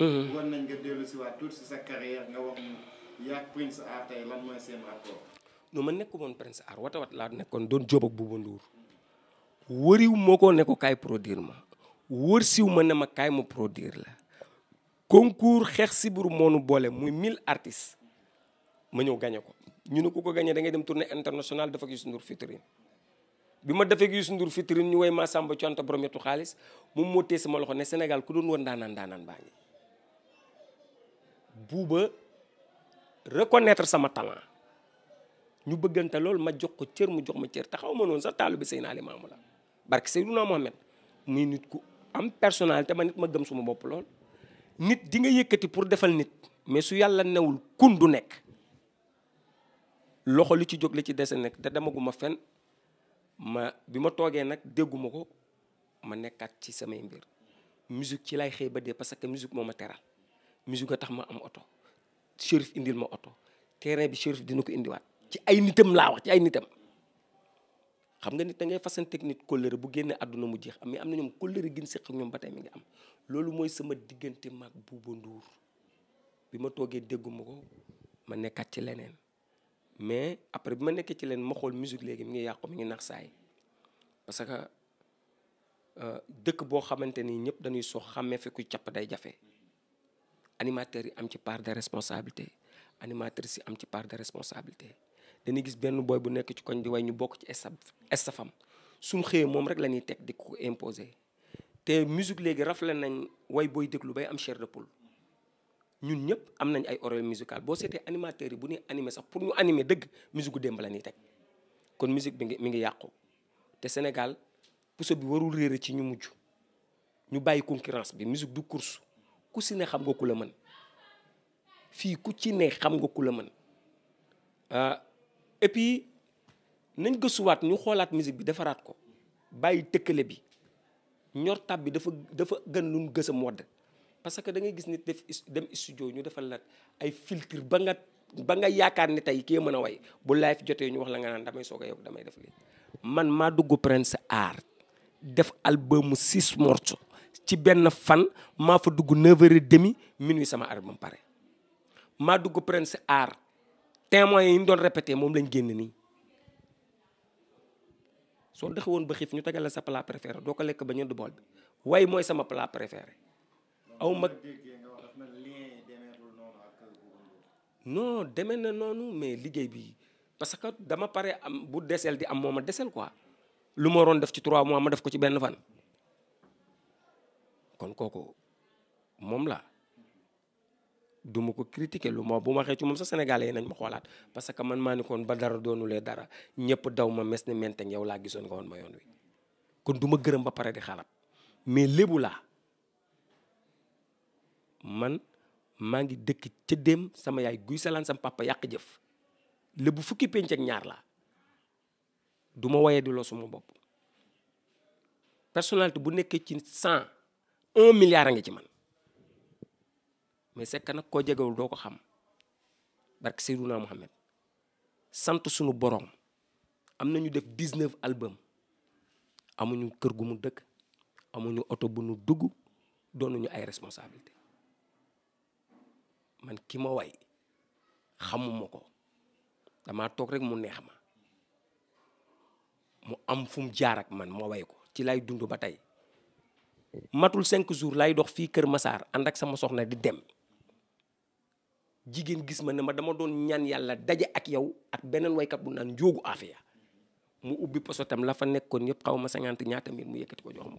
Mm-hmm. war nañ nga sa carrière nga wax ñu yaag Prince Art wata wat laa nekkoon doon jóob ak Bouba Ndour wëriw moo ko ne kaay produire ma wër siw ma ne ma kaay mu produire la concours xeex siburu moo nu boole muy mille artistes ma ñëw gañe ko ñu ne ku ko gañe da ngay dem tournée internationale dafa ak Youssou Ndour bi ma defee ak Youssou Ndour featuring ñu woy Massamba Thionta borom yetu xaalis moom moo tee sama loxo ne Sénégal ku doon war ndaanaan ndaanaan baa ngi buuba reconnaître sama talent ñu bëggante lool ma jox ko cër mu jox ma cër te xaw ma noonu sax taalibe Seydina Limaamu la barke Seydina Mohamed muy nit ku am personnalité ma nit ma gëm suma bopp lool nit di nga yëkkati pour defal nit mais su yàlla newul kun du nekk loxo lu ci jóg li ci dese nekk te demaguma fen ma bi ma toogee nag dégguma ko ma nekkaat ci samay mbir musique ci lay xëy ba dee parce que musique moo ma teral musique tax ma am oto Chérif indil ma oto terrain bi Chérif dina ko indiwaat ci ay nitam laa wax ci ay nitam xam nga nit ta ngay fasanteeg technique kóllëre bu génne àdduna mu jeex am mais am na ñoom kóllëre gin séq ak ñoom ba tey mi ngi am loolu mooy sama diggante maag Bouba Ndour bi ma toogee dégguma ko ma nekkaat ci leneen mais après bi ma nekkee ci leen ma xool musique léegi mi ngi yàqu mi ngi nax saay parce que euh, dëkk boo xamante ni ñëpp dañuy soo xàmmee fi kuy capp day jafe animateurs yi am ci part de responsabilité animatrices yi am ci part de responsabilité dañuy gis benn booy bu nekk ci koñ di way ñu bokk ci estaf estafam suñu xëyee moom rek la ñuy teg di ko imposer te musique léegi rafle nañ way booy déglu bay am chair de poule ñun ñëpp am nañ ay oreille musicale boo seetee animateurs yi bu ñuy anime sax pour ñu animer dëgg musique gu démb la ñuy teg kon musique bi ngi mi ngi yàqu te Sénégal puso bi warul réere ci ñu mujj ñu bàyyi concurrence bi musique du course ku si ne xam nga ku la mën fii ku ci ne xam nga ku la mën ah et puis nañ gësuwaat ñu xoolaat musique bi defaraat ko bàyyi tëkkale bi ñor bi dafa dafa gën lu mu gësam wadd parce que da ngay gis nit def dem studio ñu defal la ay filtre ba nga ba nga yaakaar ni tey kii mën a way bu live jotee ñu wax la nga naan damay soog a yokk damay def lii man maa dugg Prince Art def albumu six morceaux ci benn fan maa fa dugg 9h30 minuit sama album pare. maa dugg Prince Art témoins yi ñu doon répété moom lañ génn nii soo dexe woon ba xiif ñu tegal la sa plat préféré doo ko lekk ba ñënd bool bi waaye mooy sama plat préféré. aw mag non demee na noonu mais liggéey bi parce que dama pare am bu desel di am moo ma desel quoi lu ma waroon def ci trois mois ma def ko ci benn fan. kon kooku moom la duma ko critiquer lu ma bu ma waxee ci moom sa sénégalais nañ ma xoolaat parce que man maa ni koon ba dara doonulee dara ñëpp daw ma mes ne menteng yow laa gisoon nga woon ma yoon wi kon du ma gërëm ba pare di xalaat mais lébu laa man maa ngi dëkk ca dem sama yaay guy salaan sama papa yàq jëf lébu fukki penc ak ñaar laa du ma waye di loo suma bopp personnalité bu nekkee ci cent un milliard a ngi ci man mais sekk nag koo jegewul doo ko xam barke Seydina Mohamed sant sunu borom am na ñu def dix-neuf album amuñu kër gu mu dëkk amuñu oto bu nu dugg doonuñu ay responsabilité man ki ma way xamuma ko dama toog rek mu neex ma mu am fu mu jaar man ma way ko ci lay dund ba tey matul cinq jours lay dox fii Kër Massar ànd ak sama soxna di dem jigéen gis ma ne ma dama doon ñaan yàlla daje ak yow ak beneen waykat bu naan njóogu aafiya mu ubbi posotam la fa nekkoon yëpp xaw ma cinquante ñaata mbir mu yëkkati ko jox ma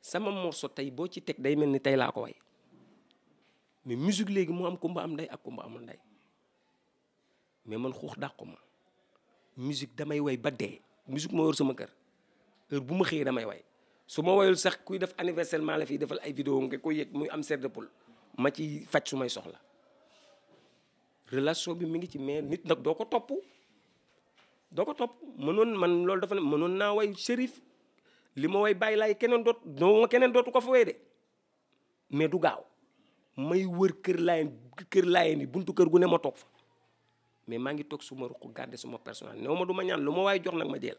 sama morceau tey boo ci teg day mel ni tey laa ko way mais musique léegi mu am kumba am ndey ak kumba amul ndey mais man xuux dàqu ma musique damay way ba dee musique moo yor sama kër heure bu ma xëyee damay way su ma woyul sax kuy def anniversaire maa la fiy defal ay vidéo nga ko yëg muy am seer de ma ci faj su may soxla relation bi mi ngi ci mais nit nag doo ko topp doo ko topp mënoon man loolu dafa ne mënoon naa way shérif li ma way bàyyi laay keneen doot doo ma keneen dootu ko fa mais du gaaw may wër kër laay kër laayen ni buntu kër gu ne ma toog fa mais maa ngi toog su ma ruq garder suma personnel néew ma du ma ñaan lu ma waay jox nag ma jël